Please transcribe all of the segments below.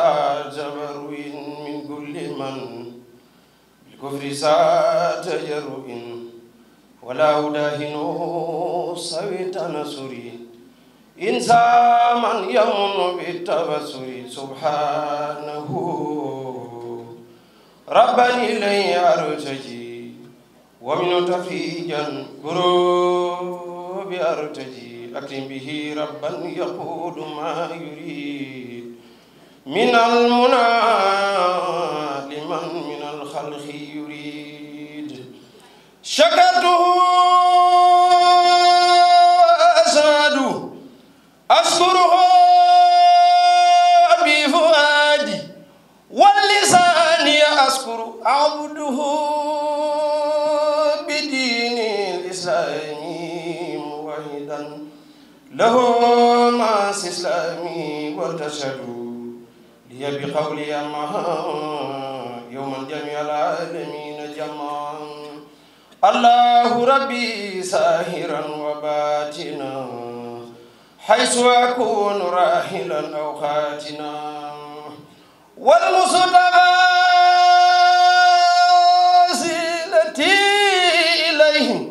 ذا جبر من كل من بالكفر ساء تجر ولا أداهنه سوي تنصري إن سامن يمن بالتبصر سبحانه ربني إلي أرتجي ومن تفريجا قروب أرتجي أكرم به ربا يقول ما يريد من المنى لمن من الخلق يريد شكرته أسعد أشكره بفؤادي واللسان أشكر عبده بدين الإسلام موحدا له مع إسلامي وتشهد يا بقولي المها يوما جميع العالمين جمعا الله ربي ساهرا وباتنا حيث أكون راحلا أو خاتنا والمصطفى سيلتي إليه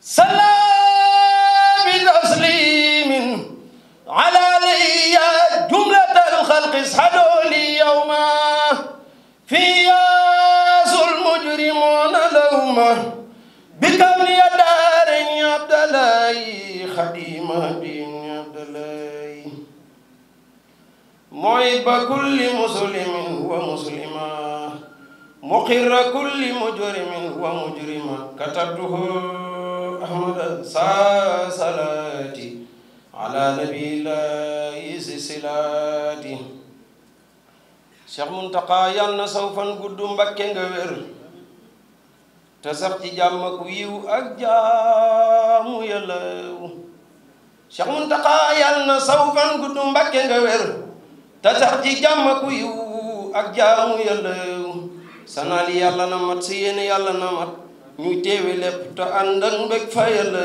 سلام يوما فياس المجرمون لوما بكون يدار عبد الله خديم دين عبد الله معيب كل مسلم ومسلما مقر كل مجرم ومجرما كتبته أحمد سا صلاتي على نبي الله صلاتي Cheikh Muntaqa yal na saw fan gudd Mbàkke nga wér te sax ci jàmm ak wiiw ak jaamu yàlla Cheikh yal na saw fan gudd Mbàkke nga wér te sax ci jàmm ak wiiw ak jaamu yàlla sanaali yàlla na mat si yéen yàlla na mat ñu teewe lépp te ànd ak fa yàlla